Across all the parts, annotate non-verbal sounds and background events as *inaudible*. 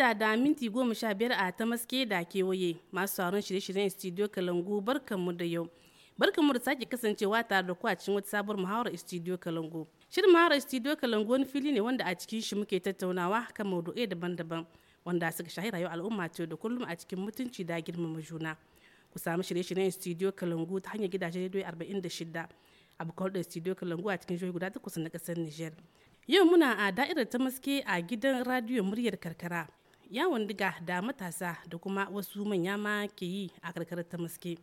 shida da minti goma sha biyar a ta maske da kewaye masu sauran shirye-shiryen studio kalangu barkanmu da yau barkanmu da sake kasancewa tare da cikin wata sabuwar muhawarar studio kalangu shirin muhawarar studio kalangu wani fili ne wanda a cikin shi muke tattaunawa kan maudu'ai daban-daban wanda suka shahi rayuwar al'umma ta da kullum a cikin mutunci da girmama juna ku samu shirye-shiryen studio kalangu ta hanyar gidajen da 46 a bukawar da studio kalangu a cikin jihohi guda takwas na kasar niger yau muna a da'irar ta maske a gidan radiyo muryar karkara yawon diga da matasa da kuma wasu manya ma ke yi a karkarar ta maske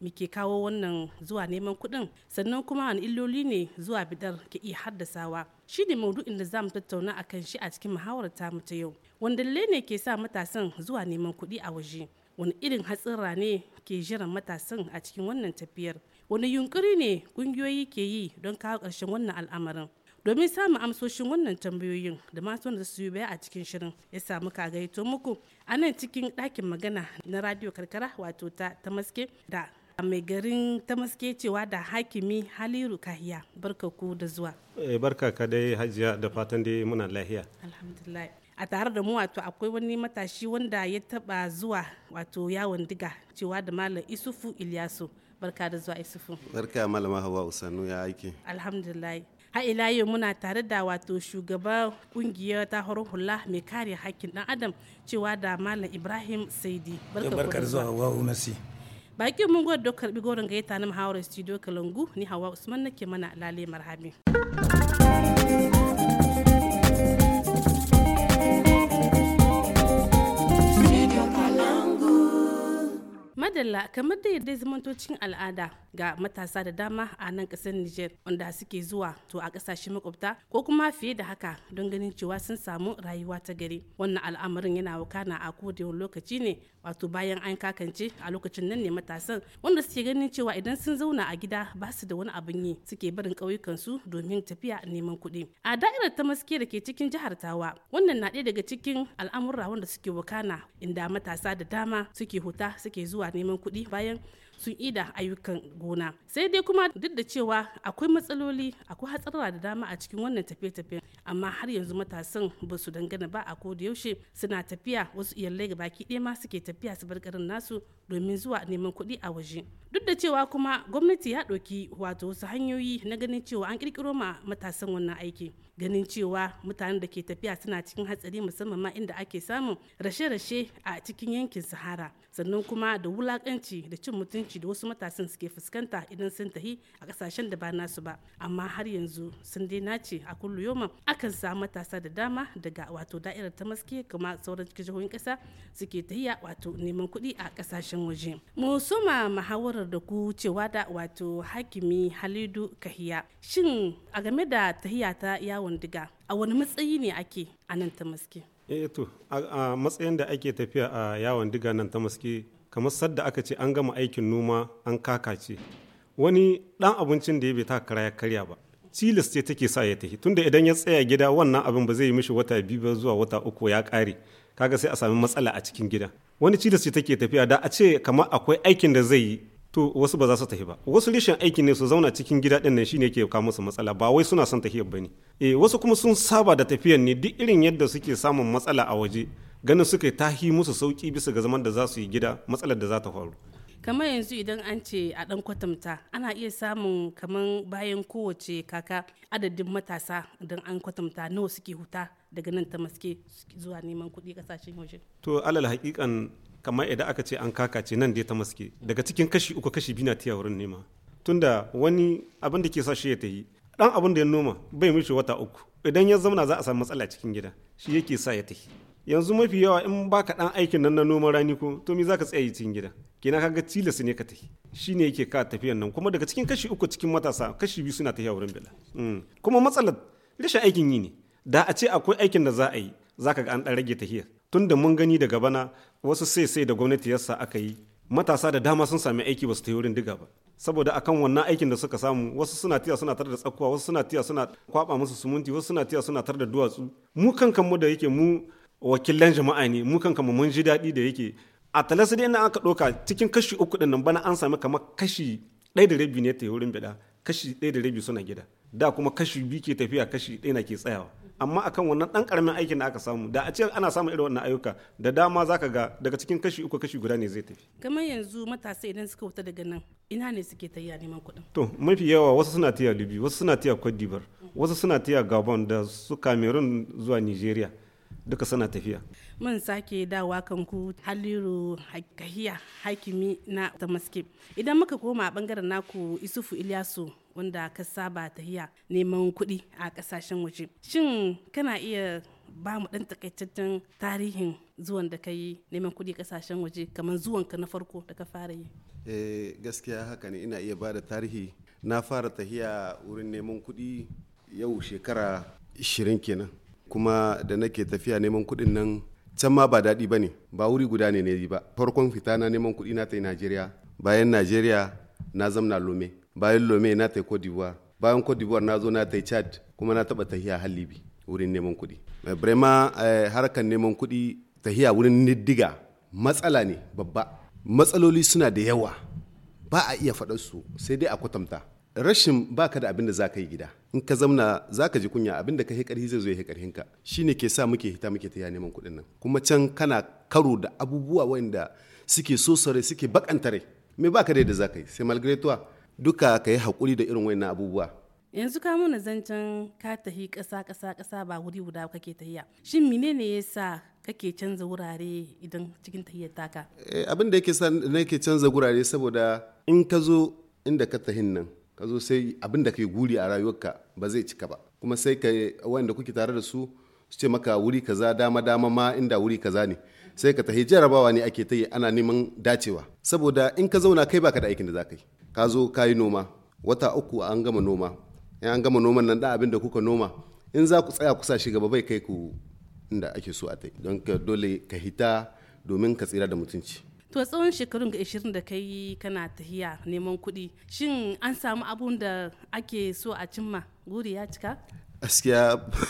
muke kawo wannan zuwa neman kuɗin sannan kuma wani illoli ne zuwa bidar ke iya haddasawa shi ne maudu'in da mu tattauna a kan shi a cikin muhawarar ta ta yau wanda ne ke sa matasan zuwa neman kuɗi a waje wani irin hatsira ne ke jiran matasan a cikin wannan tafiyar wani yunkuri ne ƙungiyoyi ke yi don kawo ƙarshen wannan al'amarin domin samun amsoshin wannan tambayoyin da masu wanda su yi baya a cikin shirin ya samu kagaito muku a nan cikin ɗakin magana na radio karkara wato ta tamaske da mai garin tamaske cewa da hakimi haliru kahiya barka ku da zuwa eh, barka ka dai hajiya da fatan dai muna lahiya alhamdulillah a tare da mu wato akwai wani matashi wanda ya taba zuwa wato yawon diga cewa da malam isufu ilyasu barka da zuwa isufu barka malama hawa usannu ya aiki alhamdulillah a ila yau muna tare da wato shugaban kungiyar ta horon hula mai kare hakkin dan adam cewa da malam ibrahim saidi barkar zuwa wawu nasi bakin mun gwada dokar bi gorin gaita na muhawarar studio kalangu ni hawa usman nake mana lale marhami madalla kamar da yadda zamanto cikin al'ada ga matasa da dama a nan kasar Nijar wanda suke zuwa to a kasashe makwabta ko kuma fiye da haka don ganin cewa sun samu rayuwa ta gari wannan al'amarin yana wakana a kodewan lokaci ne wato bayan an kakance a lokacin nan ne matasan wanda suke ganin cewa idan sun zauna a gida ba su da wani abin yi suke barin ƙauyukansu domin tafiya neman kuɗi a da'irar ta maske da ke cikin jihar tawa wannan na ɗaya daga cikin al'amura wanda suke wakana inda matasa da dama suke huta suke zuwa neman kuɗi bayan sun ida ayyukan gona sai dai kuma duk da cewa akwai matsaloli akwai hatsarwa da dama a cikin wannan tafiye-tafiye amma har yanzu matasan ba su dangana ba a koda yaushe suna tafiya wasu iyalai ga baki ɗaya ma suke tafiya su bar garin nasu domin zuwa neman kuɗi a waje duk da cewa kuma gwamnati ya ɗauki wato wasu hanyoyi na ganin cewa an ƙirƙiro ma matasan wannan aiki ganin cewa mutanen da ke tafiya suna cikin hatsari musamman ma inda ake samun rashe-rashe a cikin yankin sahara sannan kuma da wulakanci da cin mutum mutunci da wasu matasan suke fuskanta idan sun tahi a kasashen da ba nasu ba amma har yanzu sun dai nace a kullu yoma akan samu matasa da dama daga wato da'irar ta maske kuma sauran cikin jihohin kasa suke tahiya wato neman kuɗi a kasashen waje mu soma muhawarar da ku cewa da wato hakimi halidu kahiya shin a game da tahiya ta yawon diga a wani matsayi ne ake a nan ta maske eh to a matsayin da ake tafiya a yawon diga nan ta maske kamar sadda aka ce an gama aikin noma an kakace wani dan abincin da ya bai taka kara ya karya ba tilas ce take sa ya tafi tunda idan ya tsaya gida wannan abin ba zai yi mishi wata biyu ba zuwa wata uku ya kare kaga sai a sami matsala a cikin gida wani tilas ce take tafiya da a ce kamar akwai aikin da zai yi to wasu ba za su tafi ba wasu rishin aikin ne su zauna cikin gida din nan shine ke kawo musu matsala ba wai suna son tafiyar bane eh wasu kuma sun saba da tafiyan ne duk irin yadda suke samun matsala a waje ganin suka yi tahi musu sauki bisa ga zaman da za su yi gida matsalar da za ta faru kamar yanzu idan an ce a dan kwatanta ana iya samun kamar bayan kowace kaka adadin matasa idan an kwatanta nawa suke huta daga nan ta maske zuwa neman kuɗi kasashen waje to alal hakikan kamar idan aka ce an kaka ce nan dai ta maske daga cikin kashi uku kashi biyu na tiya wurin nema tunda wani abin da ke sa shi ya tafi dan abin da ya noma bai mishi wata uku idan ya zauna za a samu matsala cikin gida shi yake sa ya tafi yanzu mafi yawa in baka dan aikin nan na noman rani ko to me zaka tsaya cikin gida kenan kaga tilas ne ka tafi ne yake ka tafiyan nan kuma daga cikin kashi uku cikin matasa kashi biyu suna tafiya wurin bila mm. kuma matsalar rashin aikin yi ne da a ce akwai aikin da za a yi zaka ga an dan rage tafiya. tun da mun gani daga bana wasu sai sai da gwamnati yasa aka yi matasa da dama sun sami aiki ba su tafi wurin diga ba saboda akan wannan aikin da suka samu wasu suna tiya suna tar da tsakuwa wasu suna tiya suna kwaba musu sumunti wasu suna tiya suna tar da duwatsu mu kankan mu da yake mu wakilan jama'a ne mu kan kama mun ji daɗi da yake a talasa dai aka ɗauka cikin kashi uku ɗin nan bana an sami kamar kashi ɗaya da rabi ne ta wurin biɗa kashi ɗaya da rabi suna gida da kuma kashi biyu ke tafiya kashi ɗaya na ke tsayawa amma akan wannan ɗan ƙaramin aikin da aka samu da a ce ana samun irin wannan ayyuka da dama za ka ga daga cikin kashi uku kashi guda ne zai tafi kamar yanzu matasa idan suka wuta daga nan ina ne suke tayya neman kuɗin to mafi yawa wasu suna taya libi wasu suna taya cote d'ivoire wasu suna taya gabon da su cameroon zuwa nigeria duka suna tafiya mun sake dawa kan ku haliru kahiya hakimi na Tamaske. idan muka koma a bangaren naku isufu ilyasu wanda ka saba tahiya neman kuɗi a ƙasashen waje shin kana iya ba mu ɗan takaitaccen tarihin zuwan da ka yi neman kuɗi ƙasashen waje kamar zuwanka na farko da ka fara yi eh gaskiya haka ne ina iya bada tarihi na fara tahiya wurin neman kuɗi yau shekara 20 kenan kuma da nake tafiya neman kuɗin nan can ma ba daɗi ba ne ba wuri guda ne ne ba farkon fita na neman kuɗi na ta najeriya bayan najeriya na zamna lome bayan lome na ta cote d'ivoire bayan cote d'ivoire na zo na ta chad kuma na taɓa tahiya har libi wurin neman kuɗi eh, brema eh, harkar neman kuɗi tahiya wurin niddiga matsala ne babba matsaloli suna da yawa ba a iya faɗarsu sai dai a kwatanta rashin baka da abin da za ka yi gida in ka zamna za ka ji kunya abin da ka yi karhi zai zo ya karhin ka shine ke sa muke hita muke ta neman kuɗin nan kuma can kana karo da abubuwa wanda suke so sare suke bakanta rai me baka da za ka yi sai malgretuwa duka ka yi hakuri da irin wayannan abubuwa yanzu ka mana zancen ka tahi ƙasa ƙasa ƙasa ba wuri guda kake tahiya shin menene ya sa kake canza wurare idan cikin tahiyar taka eh, abin da yake sa nake canza wurare saboda in ka zo inda ka tahin nan ka zo sai abin da kai guri a rayuwarka ba zai cika ba kuma sai ka wanda kuke tare da su su ce maka wuri kaza dama dama ma inda wuri kaza ne sai ka tafi jarabawa ne ake ta yi ana neman dacewa saboda in ka zauna kai baka da aikin da zaka ka yi ka zo ka yi noma wata uku an gama noma in an gama noman nan da abin da kuka noma in za ku tsaya kusa shi gaba bai kai ku inda ake so a tai don ka dole ka hita domin ka tsira da mutunci to tsawon shekarun ga 20 da kai kana tahiya neman kuɗi shin an samu abun da ake so a cimma guri ya cika gaskiya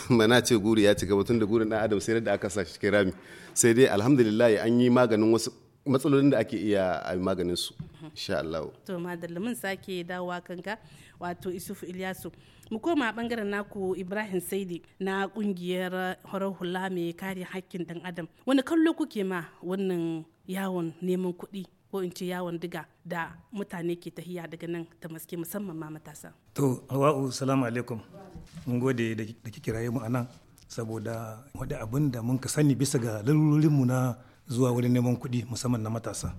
mana *laughs* ce guri ya cika batun da gurin dan adam sai da aka sa shi rami sai dai alhamdulillah an yi maganin wasu matsalolin da ake iya a maganin su mhm. insha Allah to madalla mun sake dawowa kanka wato Isufu Ilyasu mu koma bangaren naku Ibrahim Saidi na kungiyar horar hula mai kare hakkin dan adam wani kallo kuke ma wannan yawon neman kuɗi ko in ce yawon diga da mutane ke tahiya daga nan ta maske musamman ma matasa. To, Hawa'u, salamu alaikum. Mun gode da kike kiraye mu a nan saboda wadda abin da mun ka sani bisa ga lalurinmu na zuwa wurin neman kuɗi musamman na matasa.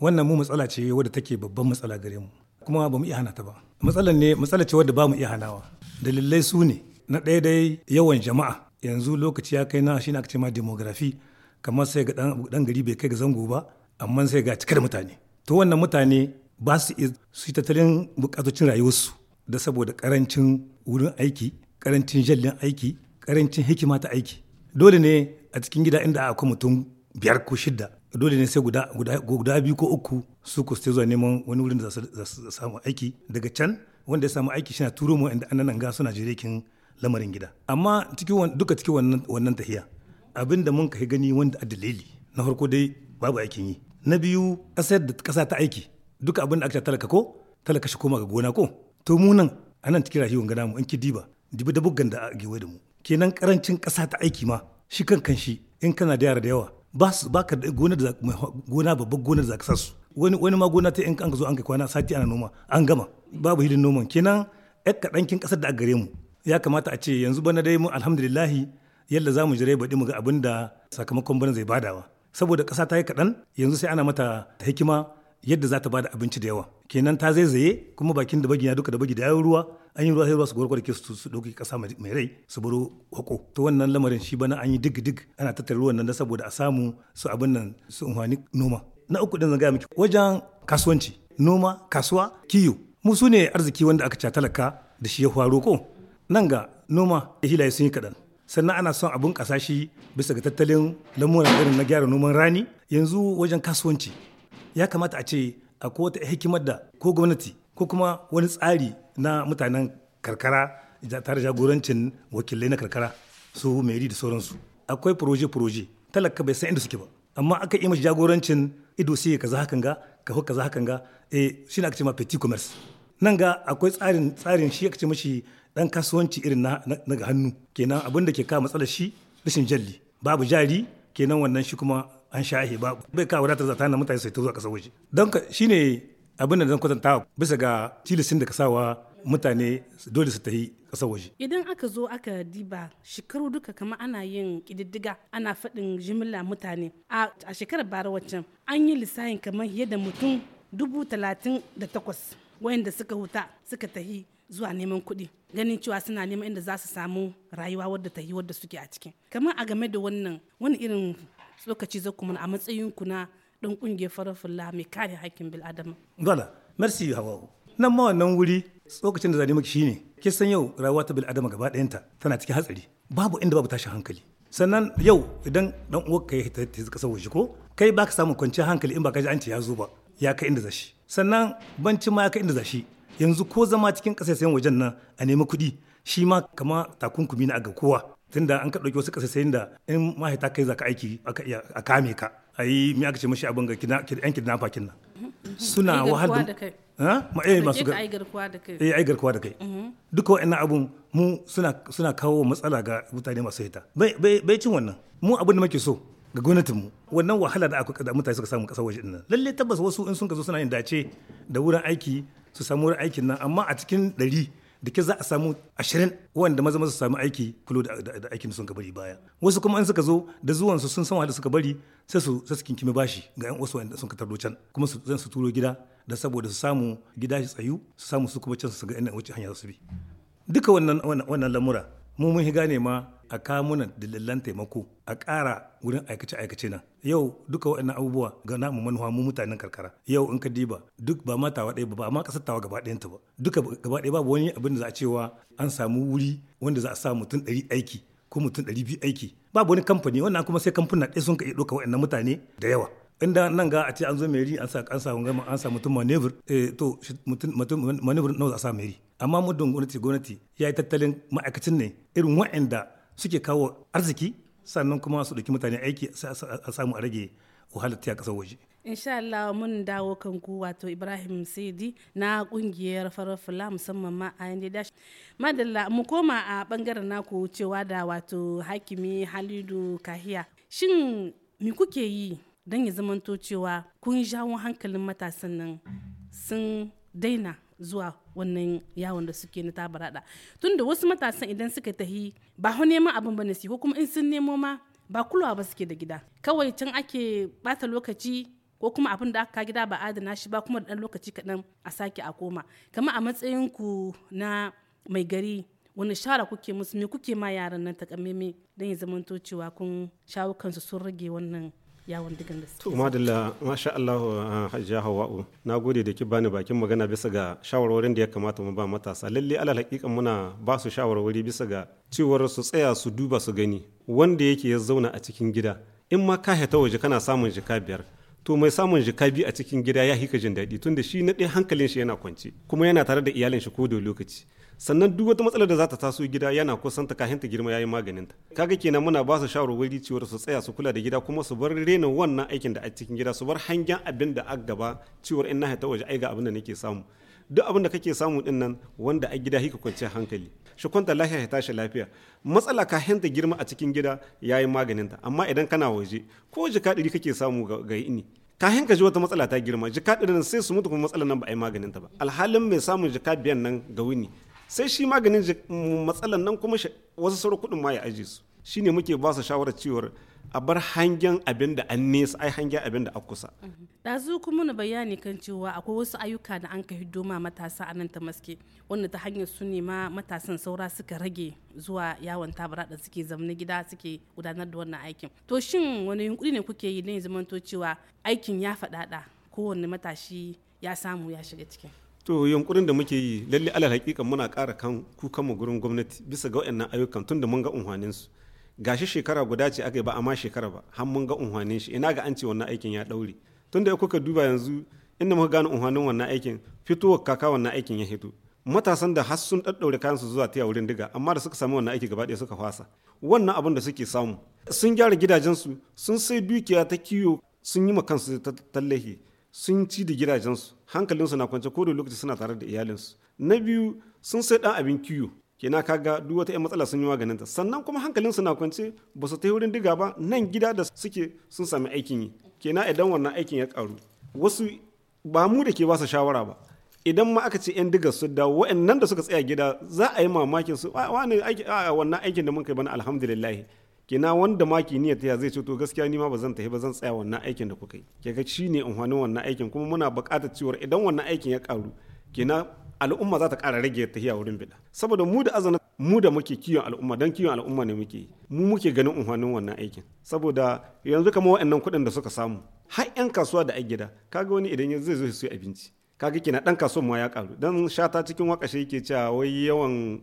Wannan mu matsala ce wadda take babban matsala gare mu kuma ba mu iya ta ba. Matsala ne matsala ce wadda ba mu iya hanawa. Dalilai su ne na ɗaya dai yawan jama'a yanzu lokaci ya kai na shi na ce ma demografi kamar sai ga dan gari bai kai ga zango ba amma sai ga cika da mutane to wannan mutane ba su su tattalin bukatocin rayuwarsu da saboda karancin wurin aiki karancin jallin aiki karancin hikima ta aiki dole ne a cikin gida inda akwai mutum biyar ko shidda dole ne sai guda guda biyu ko uku su ku sai zuwa neman wani wurin da za su samu aiki daga can wanda ya samu aiki shi na turo mu inda annan ga suna jirekin lamarin gida amma cikin duka cikin wannan tahiya abin da mun kai gani wanda a dalili na farko dai babu aikin yi na biyu ƙasar da kasa ta aiki duka abin da aka talaka ko talaka shi koma ga gona ko to mu nan anan cikin rayuwar gana mu in ki diba dibi da buggan da a gewe da mu kenan karancin kasa ta aiki ma shi kan kan shi in kana da yara da yawa ba su ba ka gona da gona babbar gona da zaka su wani wani ma gona ta in kan ka zo an kai kwana sati ana noma an gama babu hidin noman kenan ɗan kaɗan kin ƙasar da a gare mu ya kamata a ce yanzu bana dai mu alhamdulillahi yadda za mu jira baɗi mu ga abin da sakamakon bana zai badawa saboda ƙasa ta yi kaɗan yanzu sai ana mata hikima yadda za ta bada abinci da yawa kenan ta zaizaye kuma bakin da bagina duka da bagi da yayin ruwa an yi ruwa sai ruwa su gwargwar su su ɗauki ƙasa mai rai su baro hako to wannan lamarin shi bana an yi dig dig ana tattara ruwan nan saboda a samu su abin nan su unhwani noma na uku din zan gaya miki wajen kasuwanci noma kasuwa kiyo mu su ne arziki wanda aka ca talaka da shi ya faro ko nan ga noma da hilaye sun yi kaɗan sannan ana son abun kasashi shi bisa ga tattalin lamura irin na gyara noman rani yanzu wajen kasuwanci ya kamata a ce a wata hikimar da ko gwamnati ko kuma wani tsari na mutanen karkara tare jagorancin wakilai na karkara su meri da sauransu akwai proje-proje talaka bai san inda suke ba amma aka yi mashi jagorancin ido sai kaza hakan ga ka kaza hakan ga eh shine aka ce ma petit commerce nan ga akwai tsarin tsarin shi aka ce mashi dan kasuwanci irin na na hannu kenan abin da ke kawo matsalar shi rashin jalli babu jari kenan wannan shi kuma an shahe babu bai kawo wadatar zata na mutane sai ta zuwa kasar waje don ka shine abin da zan kwatanta bisa ga tilisin da ka sawa mutane dole su tafi kasar waje. Idan aka zo aka diba shekaru duka kama ana yin kididdiga ana faɗin jimilla mutane a shekarar bara waccan an yi lissahin kamar yadda mutum dubu talatin da takwas wayanda suka huta suka tahi zuwa neman kuɗi ganin cewa suna neman inda za su samu rayuwa wadda ta yi wadda suke a cikin kamar a game da wannan wani irin lokaci za kuma a matsayin ku na ɗan ƙungiyar farar fulla mai kare hakkin bil adama. Bala, merci Hawawu. Nan ma wannan wuri tsokacin da zane maki ne ke san yau rayuwa ta bil adama gaba ɗayanta tana cikin hatsari babu inda babu tashin hankali. Sannan yau idan ɗan ka ya ta ƙasar waje ko kai baka samu kwanciyar hankali in ba ka ji an ce ya zo ba ya kai inda zashi. Sannan ban ma ya kai inda zashi yanzu ko zama cikin kasashen wajen nan a nemi kuɗi shi ma kama takunkumi na ga kowa tunda an ka ɗauki wasu kasashen da in mahaita kai za ka aiki aka iya a kame ka a yi me aka ce mashi abin ga yan kidnapper kin nan mhm. suna wahala da ma eh masu ga ai garkuwa da kai eh ai garkuwa da kai mhm. duka wa'annan abun mu suna suna kawo matsala ga mutane masu hita bai bai cin wannan mu abin da muke so ga gwamnatin mu wannan wahala da aka mutane suka samu kasar waje din nan lalle tabbas wasu in sun ka zo suna yin dace da wurin aiki su samu wurin aikin nan amma a cikin ɗari da ke za a samu ashirin wanda maza maza su samu aiki kulo da aikin sun ka bari baya wasu kuma in suka zo da zuwan su sun san wahala suka bari sai su sai su kinkimi bashi ga yan wasu wanda sun ka tarlo can kuma su zan su turo gida da saboda su samu gida shi tsayu su samu su kuma can su ga ina wuce hanya su bi duka wannan wannan lamura mu mun higa ne ma a kamunan dalilan taimako a ƙara wurin aikace-aikace nan yau duka waɗannan abubuwa ga namu manuwa mu mutanen karkara yau in ka diba duk ba ma tawa ɗaya ba ba ma ƙasar tawa gaba ɗayanta ba duka gaba ɗaya babu wani abin da za a cewa an samu wuri wanda za a sa mutum ɗari aiki ko mutum ɗari biyu aiki babu wani kamfani wannan kuma sai kamfuna ɗaya sun ka iya ɗauka waɗannan mutane da yawa inda nan ga a ce an zo meri an sa an sa gama an sa mutum maneuver eh, to mutum maneuver nawa za a sa meri amma muddin gwamnati gwamnati ya yi tattalin ma'aikacin ne irin wa'anda suke kawo arziki sannan kuma su ɗauki mutane aiki a samu a rage wahalar ta kasar waje. insha Allah mun dawo kan ku wato Ibrahim Saidi na kungiyar farar fula musamman ma a yanda dash madalla mu koma a bangaren naku cewa da wato hakimi Halidu Kahiya shin me kuke yi don ya zamanto cewa kun jawo hankalin matasan nan sun daina zuwa wannan yawon da suke na tabarada tunda wasu matasan idan suka tahi ba hu neman abin bane su ko kuma in sun nemo ma ba kulawa ba suke da gida kawai can ake bata lokaci ko kuma abin da aka gida ba adana shi ba kuma da dan lokaci kaɗan a sake a koma kamar a matsayin ku na mai gari wani shara kuke musu me kuke ma yaran nan takamaimai don ya zamanto cewa kun shawo kansu sun rage wannan yawon digan da suke to masha Allah ah, hawa'u na gode da ki bani bakin magana bisa ga shawarwarin da ya kamata mu ba matasa lalle ala hakikan muna ba su shawarwari bisa ga cewar su tsaya su duba su gani wanda yake ya zauna a cikin gida in ma ka ta waje kana samun jika biyar to mai samun jika biyu a cikin gida ya hika jin daɗi tunda shi na ɗaya hankalin shi yana kwance kuma yana tare da iyalin shi ko da lokaci sannan duk wata matsalar da za ta taso gida yana kusan ta kahinta ta girma yayin maganin ta kaga kenan muna ba su shawarwari cewa su tsaya su kula da gida kuma su bar rena wannan aikin da a cikin gida su bar hangen abin da a gaba cewa in na ta waje ai ga abin da nake samu duk abin da kake samu din nan wanda a gida hika kwanciyar hankali shi kwanta lafiya ya tashi lafiya matsala ka girma a cikin gida yayin maganin ta amma idan kana waje ko jika ɗari kake samu ga ini kahin ka ji wata matsala ta girma jika ɗari sai su mutu kuma matsalar nan ba a yi maganin ta ba alhalin mai samun jika biyan nan ga wuni sai shi maganin mm, matsalan nan kuma wasu sauran kudin ma ya aje su shine muke ba su shawarar cewar a bar hangen abin da an nesa ai hangen abin da a kusa. Ɗazu kuma na bayani kan cewa akwai wasu ayyuka da an ka hiddo ma matasa a nan ta maske wanda ta hanyar su ne ma matasan saura suka rage zuwa yawon tabara da suke zamna gida suke gudanar da wannan aikin. To shin wani yunkuri ne kuke yi don ya zamanto cewa aikin ya faɗaɗa kowanne matashi ya samu ya shiga cikin. to yunkurin da muke yi lalle ala hakika muna ƙara kan kukanmu gurin gwamnati bisa ga waɗannan ayyukan tun da mun ga unhwanin su gashi shekara guda ce aka yi ba amma shekara ba har mun ga unhwanin shi ina ga an ce wannan aikin ya ɗaure tun da kuka duba yanzu inda muka gane unhwanin wannan aikin fitowar kaka wannan aikin ya hito matasan da har sun ɗaɗɗaure kayan su zuwa tiya wurin diga amma da suka samu wannan aiki gaba ɗaya suka fasa wannan abin da suke samu sun gyara gidajensu sun sai dukiya ta kiyo sun yi ma kansu tallahi sun ci da gidajensu hankalinsu na kwance ko da lokaci suna tare da iyalinsu na biyu sun sai dan abin kiyo kenan kaga duk wata 'yan matsala sun yi wa ta sannan kuma hankalinsu na kwance ba su ta wurin diga ba nan gida da suke sun sami aikin yi kena idan wannan aikin ya karu wasu ba mu da ke ba shawara ba idan ma aka ce 'yan diga su da wa'annan da suka tsaya gida za a yi mamakin su wannan aikin da mun kai bana alhamdulillah kina wanda ma niyyar ta zai ce to gaskiya ni ma ba zan tafi ba zan tsaya wannan aikin da kuka yi shi ne amfanin wannan aikin kuma muna buƙatar cewa idan wannan aikin ya karu kina al'umma za ta ƙara rage tahiya wurin bida saboda mu da azana mu da muke kiwon al'umma don kiyon al'umma ne muke mu muke ganin amfanin wannan aikin saboda yanzu kamar waɗannan kuɗin da suka samu har 'yan kasuwa da a gida kaga wani idan yanzu zai zo su abinci kaga kina dan kasuwan ma ya karu dan shata cikin wakashe yake cewa wai yawan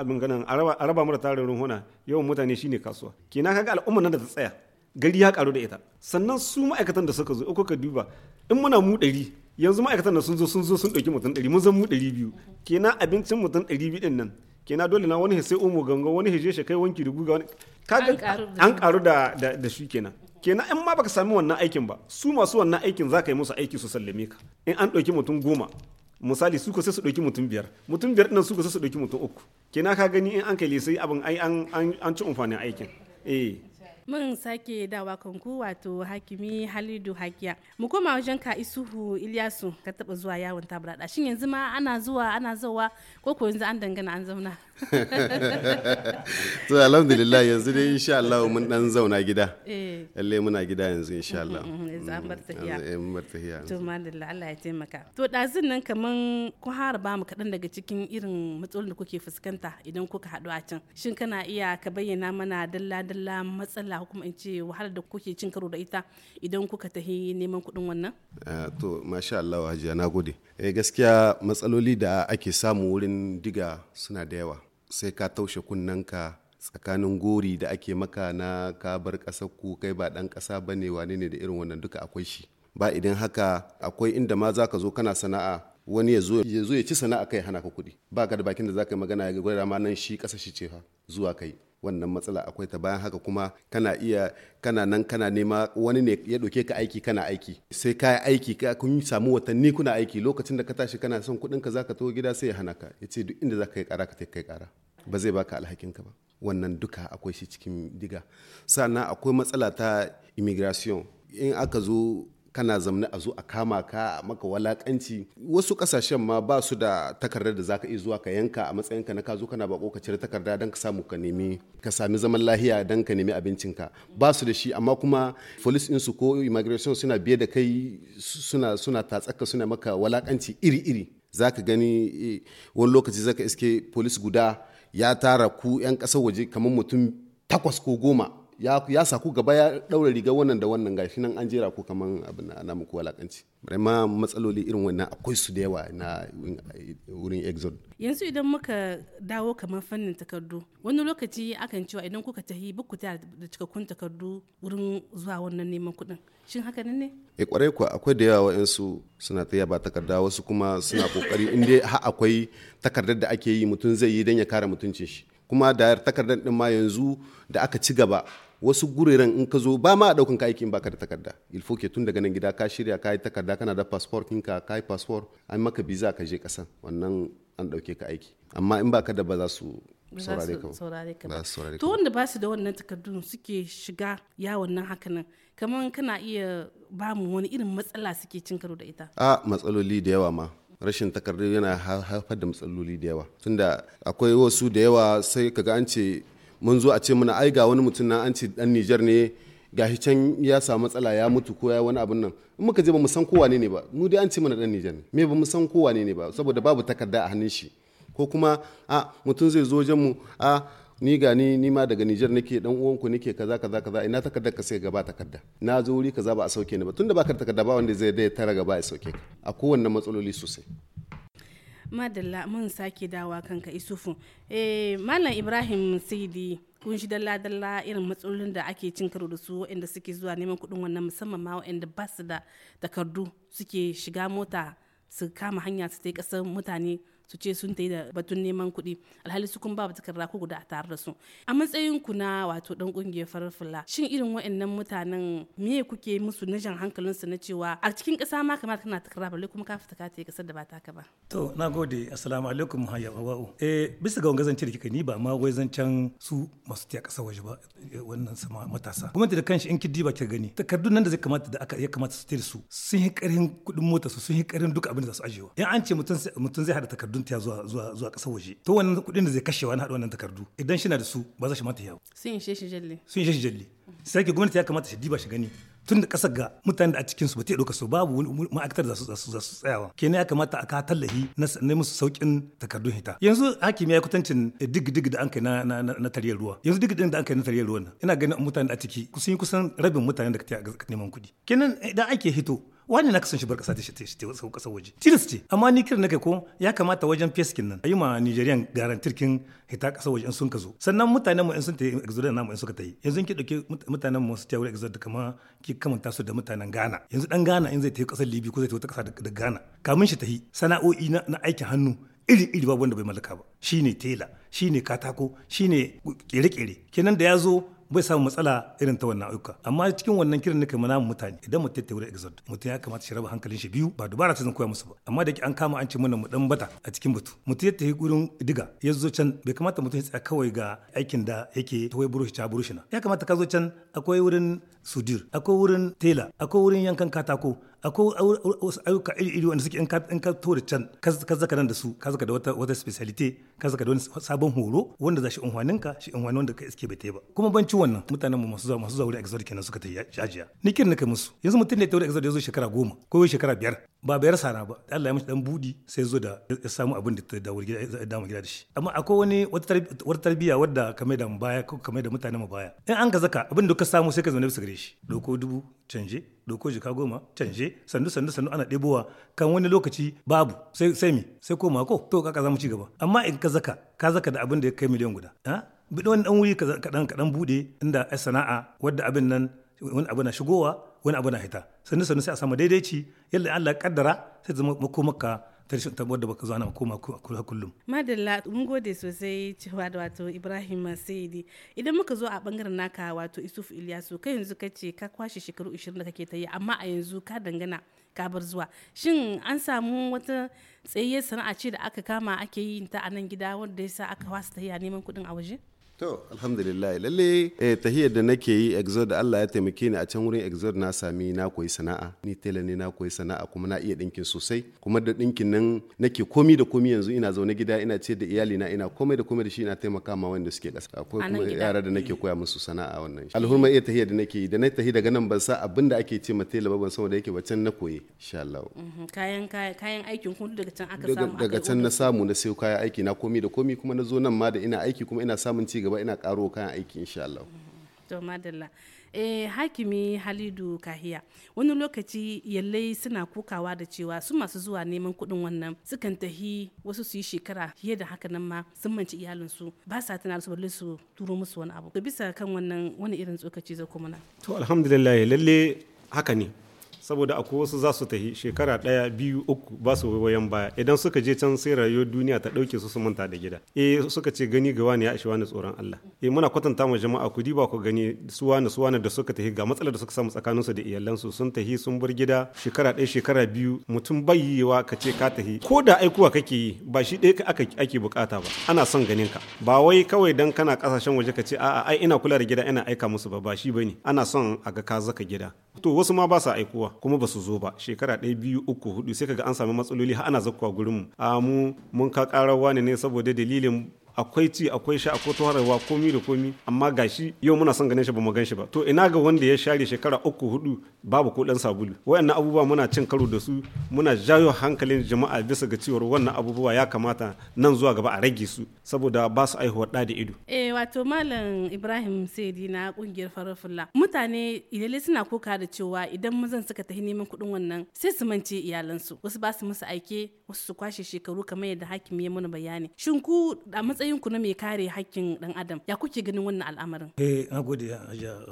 abin ganin araba mara tarin runhuna yawan mutane shine kasuwa kina kaga al'umma nan da ta tsaya gari ya karu da ita sannan su ma'aikatan da suka zo uku ka duba in muna mu ɗari yanzu ma'aikatan da sun zo sun zo sun ɗauki mutum ɗari mun zan mu ɗari biyu kina abincin mutum ɗari biyu ɗin nan kina dole na wani sai omo gangan wani hije shi kai wanki da guga wani an karu da da shi kenan kenan in ma baka sami wannan aikin ba su masu wannan aikin za ka yi musu aiki su sallame ka in an ɗauki mutum goma misali su sai su ɗauki mutum biyar mutum biyar ɗin su sai su ɗauki mutum uku kenan ka gani in an kai lisai abin ai an ci amfanin aikin eh mun sake dawa kanku wato hakimi halidu hakiya mu koma wajen ka isuhu ilyasu ka taba zuwa yawon tabarada shin yanzu ma ana zuwa ana zawa ko ko yanzu an dangana an zauna *laughs* to alhamdulillah yanzu dai insha Allah mun dan zauna gida eh. lalle muna gida yanzu insha Allah mm-hmm, mm-hmm, mm-hmm. eh, to madalla Allah ya taimaka to dazin nan kaman ku har ba mu kadan daga cikin irin matsalolin da kuke fuskanta idan kuka haɗu a can shin kana iya ka bayyana mana dalla dalla matsala wahala kuma in ce wahalar da kuke cin karo da ita idan kuka tahi neman kuɗin wannan eh, to masha Allah hajiya na gode eh gaskiya matsaloli da ake samu wurin diga suna da yawa sai ka taushe kunnanka tsakanin gori da ake maka na ka bar ƙasar ku kai ba ɗan ƙasa ba ne wane ne da irin wannan duka akwai shi ba idan haka akwai inda ma za ka zo kana sana'a wani ya zo ya ci sana'a kai hana ka kuɗi ba ka da bakin da za ka yi magana ya gwada ma nan shi ƙasa shi ce fa zuwa kai wannan matsala akwai ta bayan haka kuma kana iya kana nan kana nema wani ne ya ɗauke ka aiki kana aiki sai ka aiki ka kun samu watanni kuna aiki lokacin da ka tashi kana son kuɗin ka zaka to gida sai ya hana ka ya duk inda zaka yi ƙara ka kai ƙara ba zai baka alhakin ka ba wannan duka akwai shi cikin diga sannan akwai matsala ta immigration in aka zo kana zamne a zo a kama ka a maka walakanci wasu kasashen ma ba su da takardar da zaka iya zuwa ka yanka a matsayinka na ka zo kana bako ka cire takarda don ka samu ka nemi ka sami zaman lahiya don ka nemi abincinka ba su da shi amma kuma police insu ko immigration suna biye da kai suna suna tatsaka suna maka walakanci iri-iri zaka gani eh, wani lokaci zaka iske folis guda ya tara ku 'yan kasar waje kamar mutum takwas ko goma ya sa ku gaba ya daura riga wannan da wannan gashi nan an jera ku kaman abin na muku walakanci ma matsaloli irin wannan akwai su da yawa na wurin exod yanzu idan muka dawo kamar fannin takardu wani lokaci akan cewa idan kuka tahi buku ta da cikakkun takardu wurin zuwa wannan neman kuɗin shin haka nan ne e eh, kwarai kuwa akwai da yawa wa'yansu suna ta yaba takarda wasu kuma suna kokari in dai har akwai takardar da ake yi mutum zai yi don ya kare mutuncin shi kuma da takardar din ma yanzu da aka ci gaba wasu gureren in ka zo ba ma a daukan ka aikin baka da takarda il faut tun daga nan gida ka shirya ka yi takarda kana da passport kinka ka yi passport an maka visa ka je kasan wannan an dauke ka aiki amma in baka da ba za su saurare ka ba to wanda ba su da wannan takardun suke shiga ya wannan haka nan kamar kana iya ba mu wani irin matsala suke cin karo da ita a matsaloli da yawa ma rashin takardu yana haifar da matsaloli da yawa tunda akwai wasu da yawa sai kaga an ce mun zo a ce muna ai ga wani mutum na an ce dan Nijar ne gashi can ya samu matsala ya mutu ko ya wani abin nan in muka je ba mu san kowa ne ba mu dai an ce mana dan Nijar ne me ba mu san kowa ne ba saboda babu takarda a hannun shi ko kuma a mutum zai zo wajen mu a ni ga ni ni ma daga Nijar nake dan uwanku nake kaza kaza kaza ina takarda ka sai gaba takarda na zo wuri kaza ba a sauke ni ba tunda ka takarda ba wanda zai dai tara gaba ya sauke ka a kowanne matsaloli sosai madalla mun sake dawa kanka isufu eh malam ibrahim sidi kun shi dalla dalla irin matsalolin da ake cin karo da su waɗanda suke zuwa neman kuɗin wannan musamman ma waɗanda ba su da takardu suke shiga mota su kama hanya su tai kasar mutane su ce sun ta yi da batun neman kuɗi alhali su kun ba takarda ko guda tare da su a matsayin ku na wato dan kungiyar farar fulla shin irin waɗannan mutanen me kuke musu na jan hankalin su na cewa a cikin ƙasa ma kamar kana takarda balle kuma ka fita ka yi kasar da ba ka ba to n'a gode assalamu alaikum hayya wa'u eh bisa ga wanga zance da kika ni ba ma wai zancen su masu tiya ƙasar waje ba eh, wannan sama matasa gwamnati da kanshi in kiddi ba ki gani takardun nan da zai kamata da aka ya kamata su tare su sun yi ƙarin kuɗin mota su sun yi ƙarin duk abin da za su ajewa in an ce mutum zai hada takardu takardun ta zuwa zuwa zuwa ƙasar waje to wannan kuɗin da zai kashewa na haɗa wannan takardu idan shi na da su ba za shi mata yawo sun yi shi jalle sun yi shi jalle sai ke gwamnati ya kamata shi diba shi gani tun da ƙasar ga mutanen da a cikin su ba ta ɗauka su babu ma'aikatar za su za su tsayawa kenan ya kamata a ka tallahi na musu saukin takardun hita yanzu hakimi ya kutancin dig eh, dig da an kai na na tariyar ruwa yanzu dig din da an kai na tariyar ruwa ina ganin mutanen da a ciki sun kusan rabin mutanen da ka neman kuɗi kenan idan ake hito wani na kasan bar kasa ta sau kasar waje tilis ce amma ni kiran nake ko ya kamata wajen feskin nan ayi ma nigerian garantirkin hita kasar waje in sun ka zo sannan mutanen mu in sun ta yi exodus namu in suka ta yi yanzu ki dauke mutanen mu su ta wurin exodus kama ki kamanta su da mutanen Ghana yanzu dan Ghana in zai ta yi kasar Libya ko zai ta wata kasa da Ghana kamin shi ta yi sana'o'i na aikin hannu iri iri babu wanda bai mallaka ba shine tela shine katako shine kere-kere kenan da ya zo bai samu matsala irin ta wannan ayyuka amma cikin wannan kiran nake mana mutane idan mu ya wurin exod mutum ya kamata shi raba hankalin shi biyu ba dubara ta zan koya musu ba amma da an kama an ce mana mu dan bata a cikin batu mutum ya tafi gurin diga ya zo can bai kamata mutum ya tsaya kawai ga aikin da yake ta wai burushi ta burushi na ya kamata ka zo can akwai wurin sudir akwai wurin tela akwai wurin yankan katako akwai wasu ayyuka iri-iri wanda suke in ka to da can ka zaka nan da su ka zaka da wata wata speciality ka zaka da wani sabon horo wanda za shi unhwanin ka shi unhwanin wanda ka iske bai ta ba kuma ci wannan mutanen mu masu zuwa masu zuwa wurin exotic kenan suka ta shajiya ni kiran nake musu yanzu mutum ne ta wurin exotic ya zo shekara goma ko ya shekara biyar ba biyar sara ba Allah ya mishi dan budi sai zo da ya samu abin da ta dawo gida da gida da shi amma akwai wani wata tarbiyya wadda kamar da mu baya ko kamar da mutanen mu baya in an ka zaka abin da ka samu sai ka zaune bisa gare shi doko dubu canje dokoji ka goma canje sandu sandu sandu ana ɗebowa kan wani lokaci babu sai sai mi sai ko mako to ka za mu ci gaba amma in ka zaka ka zaka da abin da ya kai miliyan guda bi wani dan wuri kadan kadan bude inda sana'a wadda abin nan wani abu na shigowa wani abu na hita sandu sandu sai a samu daidaici yalla Allah ya kaddara sai zama makomaka ta rashin da baka zana koma kullum. Madalla mun gode sosai cewa da wato Ibrahim Saidi idan muka zo a bangaren naka wato Isuf Ilyasu kai yanzu ka ce ka kwashe shekaru 20 da kake ta yi amma a yanzu ka dangana ka bar zuwa shin an samu wata tsayayyar sana'a ce da aka kama ake yin ta a nan gida wanda yasa aka wasa ta yi neman kuɗin a waje? To, alhamdulillah lalle eh, tahiyar da nake yi exod da Allah ya taimake ni a can wurin exod na sami na koyi sana'a. Ni tela ne na koyi sana'a kuma na iya dinkin sosai. Kuma da dinkin nan nake komi da komi yanzu ina zaune gida ina ce da iyali na ina komai da komai da shi ina taimaka ma wanda suke kasa. Akwai kuma yara da nake koya musu sana'a wannan. shi Alhurma iya tahiyar da nake yi da na tahi daga nan ban sa abin da ake ce ma tela ba ban san wanda yake ba can na koyi insha Allah. Mm-hmm. Kayan kayan aikin kun daga can aka samu. Daga can na samu na sayo kayan aiki na komi da komi kuma na zo nan ma da ina aiki kuma ina samun ci gaba ina karo kayan aiki insha Allah to madalla eh hakimi Halidu Kahiya wani lokaci yallai suna kokawa da cewa su masu zuwa neman kuɗin wannan sukan tahi wasu su yi shekara fiye da haka nan ma sun manci iyalin su ba sa tana su balle su turo musu wani abu to bisa kan wannan wani irin tsokaci zai kuma na to alhamdulillah lalle haka ne saboda akwai wasu za su tafi shekara ɗaya biyu uku ba su wayan baya idan suka je can sai rayuwar duniya ta ɗauke su su manta da gida eh suka ce gani ga wani ya ishi wani tsoron Allah eh muna kwatanta ma jama'a ku diba ku gani su wani su wani da suka tafi ga matsalar da suka samu tsakaninsu da iyalansu sun tafi sun bar gida shekara ɗaya shekara biyu mutum bai yiwa ka ce ka tafi ko da aikuwa kake yi ba shi ɗaya aka ake bukata ba ana son ganin ka ba wai kawai dan kana kasashen waje ka ce a'a ai ina kula da gida ina aika musu ba ba shi bane ana son a ga ka zaka gida to wasu ma ba sa aikuwa kuma ba su zo ba shekara ɗaya biyu uku hudu sai kaga an sami matsaloli har ana zakkuwa gurin mu a mu mun ka ƙararwa ne ne saboda dalilin akwai ci akwai sha akwai tuharwa komi da komi amma gashi yau muna son ganin shi bamu gan shi ba to ina ga wanda ya share shekara uku hudu babu ko dan sabulu wayannan abubuwa muna cin karo da su muna jayo hankalin jama'a bisa ga cewar wannan abubuwa ya kamata nan zuwa gaba a rage su saboda ba su aihuwar da da ido eh wato malam Ibrahim Saidi na kungiyar Farafulla mutane idan suna koka da cewa idan mazan suka tafi neman kuɗin wannan sai su mance iyalansu wasu ba su musu aike wasu su kwashe shekaru kamar yadda hakimi ya muna bayani shin ku a matsayin matsayin ku na mai kare hakkin dan adam ya kuke ganin wannan al'amarin eh na gode hajiya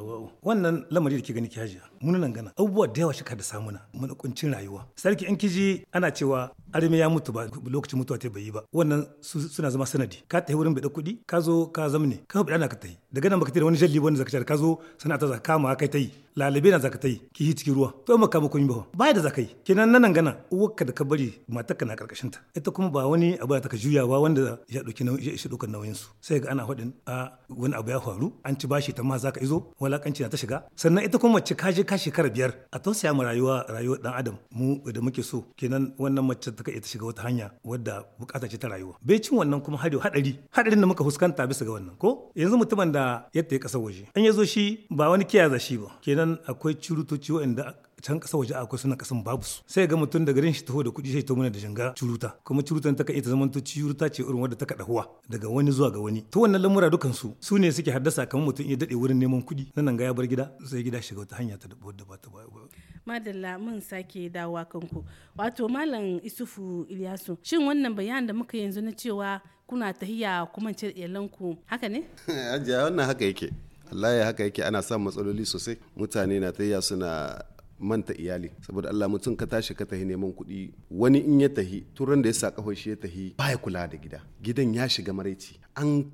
wannan lamari da ke gani ki hajiya mun nan gana abubuwa da yawa shi ka da samuna mun kuncin rayuwa sarki an kiji ana cewa arme ya mutu ba lokacin mutuwa ta bai yi ba wannan suna zama sanadi ka tafi wurin bada kuɗi ka zo ka zamne ka bada na ka tai daga nan baka tare wani jalli wani zaka ka zo sana ta zaka kama kai tai lalabe na zaka tayi ki hi cikin ruwa to amma ka kun ba ba da zakai kenan nan gana uwarka da ka bari matarka na karkashin ta ita kuma ba wani abu ta ka juya ba wanda ya dauki nauyin shi daukan nauyin su sai ga ana faɗin a wani abu ya faru an ci bashi ta ma zaka izo walakanci na ta shiga sannan ita kuma mace ka je ka shekara biyar a tausaya ma rayuwa rayuwar dan adam mu da muke so kenan wannan mace ta kai ta shiga wata hanya wadda bukata ce ta rayuwa bai cin wannan kuma hadi hadari hadarin da muka fuskanta bisa ga wannan ko yanzu mutumin da yadda ya kasa waje an yazo shi ba wani za shi ba kenan akwai curutoci wanda can kasa waje akwai suna kasan babu su sai ga mutum da garin shi taho da kudi sai to mana da jinga curuta kuma curutan ta ka iya ta zamanto curuta ce irin wadda ta kada huwa daga wani zuwa ga wani to wannan lamura dukan su su ne suke haddasa kamar mutum ya dade wurin neman kuɗi nan ga ya bar gida sai gida shiga wata hanya ta da ba ta ba madalla mun sake dawa kanku wato malam isufu ilyasu shin wannan bayanin da muka yanzu na cewa kuna tahiya kuma ce iyalanku haka ne *laughs* ajiya wannan haka yake Allah ya haka yake ana samun matsaloli sosai mutane na tahiya suna manta iyali saboda Allah mutum ka tashi ka tahi neman kuɗi wani in ya tahi turan da ya sa kafar shi ya tahi baya kula da gida gidan ya shiga maraici an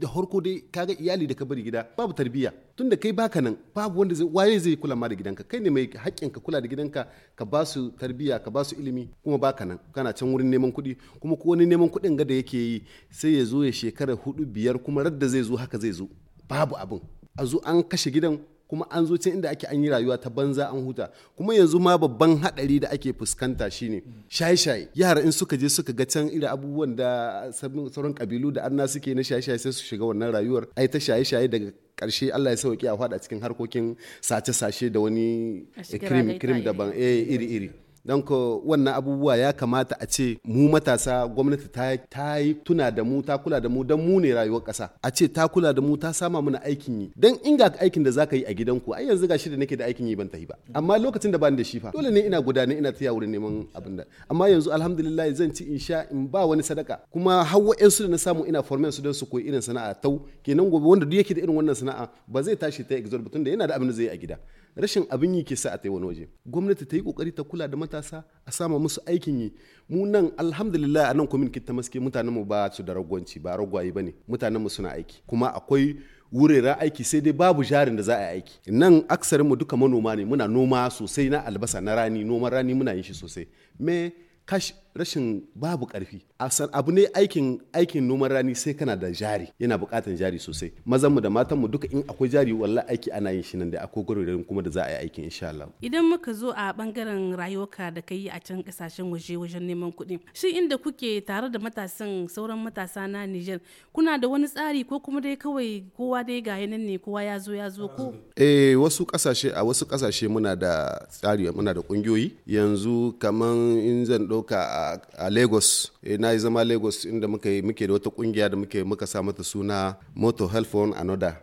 da harko dai kaga iyali da ka bari gida babu tarbiyya tunda kai baka nan babu wanda zai waye zai kula ma da gidanka kai ne mai haƙƙin ka kula da gidanka ka ba su tarbiyya ka ba su ilimi kuma baka nan kana can wurin neman kuɗi kuma ko wani neman kuɗin ga da yake yi sai ya zo ya shekara hudu biyar kuma radda zai zo haka zai zo babu abin a zo an kashe gidan kuma an zo can inda ake an yi rayuwa ta banza an huta kuma yanzu ma babban hadari da ake fuskanta shine shaye-shaye yara in suka je suka ga can irin abubuwan da sauran kabilu da arna suke na shaye-shaye sai su shiga wannan rayuwar ai ta shaye-shaye daga karshe Allah ya sauke a fada cikin harkokin sace-sace da wani krim krim daban eh, iri-iri don ko wannan abubuwa ya kamata a ce mu matasa gwamnati ta yi tuna da mu ta kula da mu don mu ne rayuwar ƙasa a ce ta kula da mu ta sama mana aikin yi don in ga aikin da zaka yi a gidanku ai yanzu gashi da nake da aikin yi ban ta yi ba amma lokacin da bani da shi fa dole ne ina gudanar ina tafiya wurin neman abin da amma yanzu alhamdulillah zan ci in sha in ba wani sadaka kuma har wa'ansu da na samu ina formen su don su koyi irin sana'a tau kenan gobe wanda duk yake da irin wannan sana'a ba zai tashi ta exorbitant tun da yana da abin da zai yi a gida rashin abin yi ke sa a ta wani waje gwamnati ta yi kokari ta kula da matasa a sama musu aikin yi mu nan alhamdulillah a nan kwamin ta maske mutanen mu ba su da ragwanci ba ragwayi ne mutanen mu suna aiki kuma akwai wuraren aiki sai dai babu jarin da za a yi aiki nan aksarin mu duka manoma ne muna noma sosai na albasa na rani noman rani muna yin shi sosai me kashi rashin babu karfi abu ne aikin aikin noman rani sai kana da jari yana buƙatar jari sosai mazan mu da matan mu duka in akwai jari wallahi aiki ana yin shi nan da akwai gurin kuma da za a yi aikin insha Allah idan muka zo a bangaren rayuwarka da kai a can kasashen waje wajen neman kuɗi shi inda kuke tare da matasan sauran matasa na Niger kuna da wani tsari ko kuma dai kawai kowa dai ga nan ne kowa ya zo ya zo ko eh wasu kasashe a wasu kasashe muna da tsari muna da kungiyoyi yanzu kaman in zan ɗauka a a lagos eh, na yi zama lagos inda muke da wata kungiya da muke muka sa mata suna moto health one another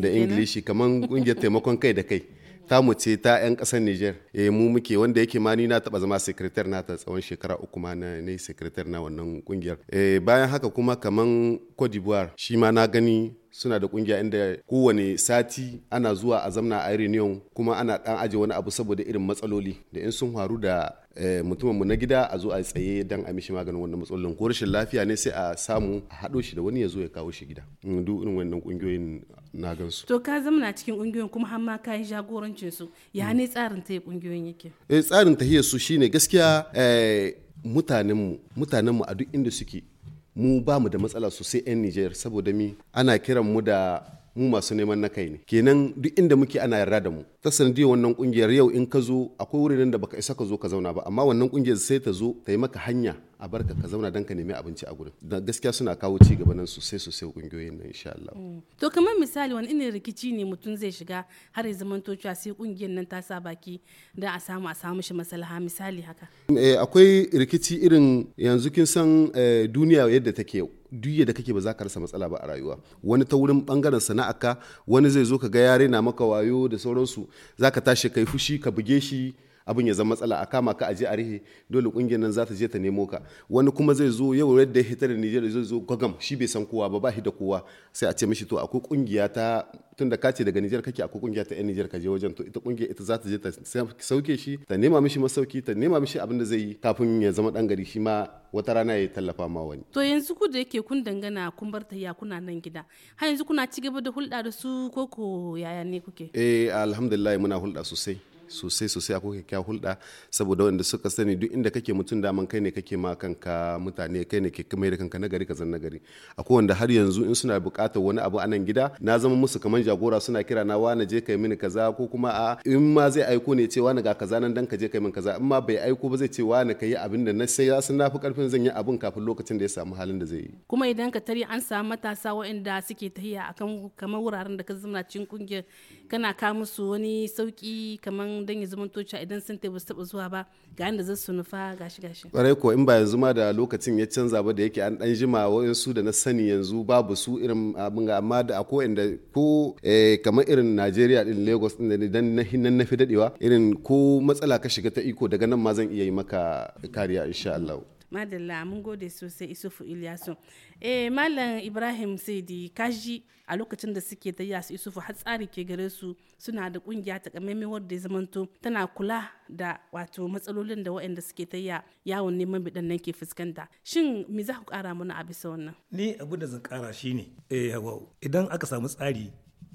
da ingilishi kamar kungiyar taimakon kai da kai tamu ce ta 'yan ƙasar Nijar. Eh mu muke wanda yake ma ni na taɓa zama sekretar na ta tsawon shekara uku ma na ne sekretar na wannan kungiyar. Eh bayan haka kuma kaman Cote d'Ivoire shi ma na gani suna da kungiya inda kowane sati ana zuwa a zamna a reunion kuma ana dan aje wani abu saboda irin matsaloli da in sun faru da eh, mutumin mu na gida a zo a tsaye dan a mishi maganin wannan matsalolin ko rashin lafiya ne sai a samu a haɗo shi da wani ya zo ya kawo shi gida mm, duk irin wannan kungiyoyin na gansu to ka zama na cikin kungiyoyin kuma har ma ka yi jagorancin su ya ne tsarin ta kungiyoyin yake eh tsarin tahiyar su shine gaskiya eh, mutanen mu mutanen mu a duk inda suke mu ba mu da matsala sosai 'yan Nijar saboda mi ana kiran mu da mu masu neman na kai ne kenan duk inda muke ana yarda da mu ta sanadiyar wannan kungiyar yau in ka zo akwai wurin da baka isa ka zo ka zauna ba amma wannan kungiyar sai ta zo ta yi maka hanya a barka ka zauna don ka nemi abinci a gurin da gaskiya suna kawo ci gaba nan sosai sosai kungiyoyin nan insha Allah mm. to kamar misali wani irin rikici ne mutum zai shiga har ya zamanto cewa sai kungiyar nan ta sa baki da a samu a samu shi masalaha misali haka eh, akwai rikici irin yanzu kin san eh, duniya yadda take yau duk da kake ba za ka rasa matsala ba a rayuwa wani ta wurin bangaren sana'aka wani zai zo ka ga yare na maka wayo da sauransu za ka tashi kai fushi ka buge shi abin ya zama matsala a kama ka aje a rihe dole kungiyar nan za ta je ta nemo ka wani kuma zai zo yau yadda ya hitar da Nijar zai zo gwagam shi bai san kowa ba ba shi da kowa sai a ce mishi to akwai kungiya ta tun da kace daga Nijar kake akwai kungiya ta 'yan Nijar ka je wajen to ita kungiya ita za ta je ta sauke shi ta nema mishi masauki ta nema mishi abin da zai yi kafin ya zama dan gari shi ma wata rana ya tallafa ma wani. To yanzu ku da yake kun dangana kun bar ta kuna nan gida har yanzu kuna ci gaba da hulɗa da su ko yaya ne kuke? Eh alhamdulillah muna hulɗa sosai. sosai sosai akwai kyakkyawar hulɗa saboda wanda suka sani duk inda kake mutum daman kai ne kake ma kanka mutane kai ne ke da kanka nagari ka zan nagari akwai wanda har yanzu in suna buƙatar wani abu a nan gida na zama musu kamar jagora suna kira na wani je kai mini kaza ko kuma a in ma zai aiko ne ce wani ga kaza nan dan ka je kai min kaza in ma bai aiko ba zai ce wani ka yi abin da na sai ya san fi karfin zan yi abin kafin lokacin da ya samu halin da zai yi kuma idan ka tari an samu matasa waɗanda suke tahiya akan kamar wuraren da ka zama cikin kungiyar kana ka musu wani sauki kamar don ya zama tocha idan sun taɓa su taɓa zuwa ba ga inda zai su nufa gashi gashi ƙwarai ko in ba yanzu ma da lokacin ya canza ba da yake an ɗan jima wa'insu da na sani yanzu babu su irin abin ga amma da ko inda eh, ko kamar irin Najeriya din Lagos din da dan nan na fi daɗewa irin ko matsala ka shiga ta iko daga nan ma zan iya yi maka kariya insha Allah madalla mun gode sosai isufu ilyasu eh malam ibrahim saidi kaji a lokacin da suke ta su isufu har tsari ke gare su suna da kungiya ta kamaimai wadda ya zamanto tana kula da wato matsalolin da waɗanda suke ta ya yawon neman bidan nan ke fuskanta shin me za ku kara mana a bisa wannan ni abu da zan kara shine eh idan aka samu tsari